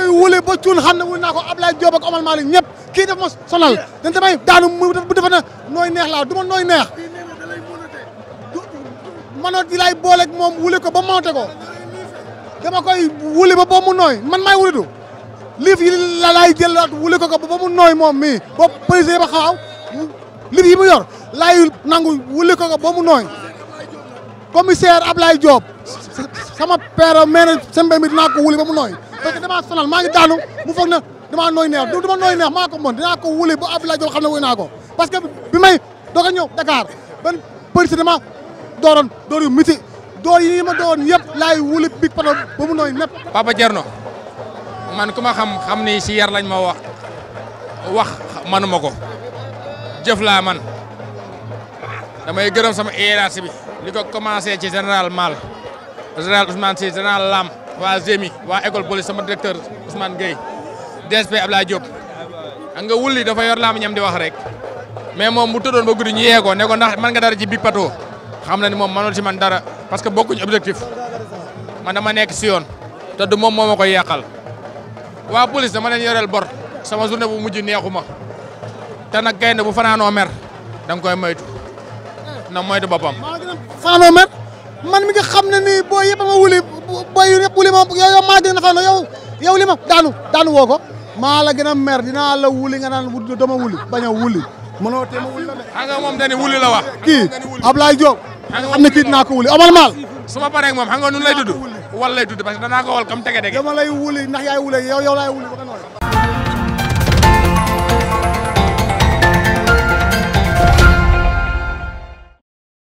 damay wule ba cuun xam ne wul naa ko Ablaye Diop ak Omar Malick ñëpp kii daf ma sonal dañ damay daanu mu bu defe na nooy neex laa du ma nooy neex manoot di lay booleeg moom wule ko ba monte ko dama koy wuli ba boo mu nooy man maay wulitu liif yi la laay jëlaat wuli ko ko ba mu nooy moom mii ba président ba xaw liif yi mu yor laay nangu wuli ko ko ba mu nooy commissaire Ablaye Diop sama père mère sembe mi dinaa ko wuli ba mu nooy parce que damaa sonal maa ngi daanu mu foog na damaa nooy neex du dama nooy neex maa ko mën dinaa ko wule ba Abdoulaye Diop xam ne wuy naa ko parce que bi may doog a ñëw Dakar ban përsi dama dooroon door yu miti door yi ma doon yëpp laay wuli big pato ba mu nooy nepp Papa Thierno man ku xam xam ni si yar lañ ma wax wax manuma ko jëf laa man damay gërëm sama hiérarchie bi li ko commencé ci général Mal général Ousmane Sy général Lam waa Zémi waa école police sama directeur Ousmane Gueye DSP Abdoulaye Diop nga wulli dafa yor laa ñam di wax rek mais moom bu tëddoon ba guddi ñu yee ko ne ko ndax mën nga dara ci Big Pato xam na ni moom mënul si man dara parce que bokkuñ objectif man ma nekk si yoon te du moom moo ma koy yàqal waa police ma leen yoreel bor sama journée bu mujj neexuma te nag gaynde bu fanaanoo mer da nga koy moytu na moytu boppam. fanaanoo man mi nga ne nii boo yëpp li ma yow yow maa gën a na yow yow li ma daanu daanu woo maa la gën a mer dinaa la wuli nga naan wuli bañ a wuli mënoo wuli la de nga wuli la wax kii Ablaye Diop am na kii dinaa ko wuli amal maal su ma paree moom xam nga nun lay tudd wal lay tudd parce que danaa ko wal kam tege dege dama lay wuli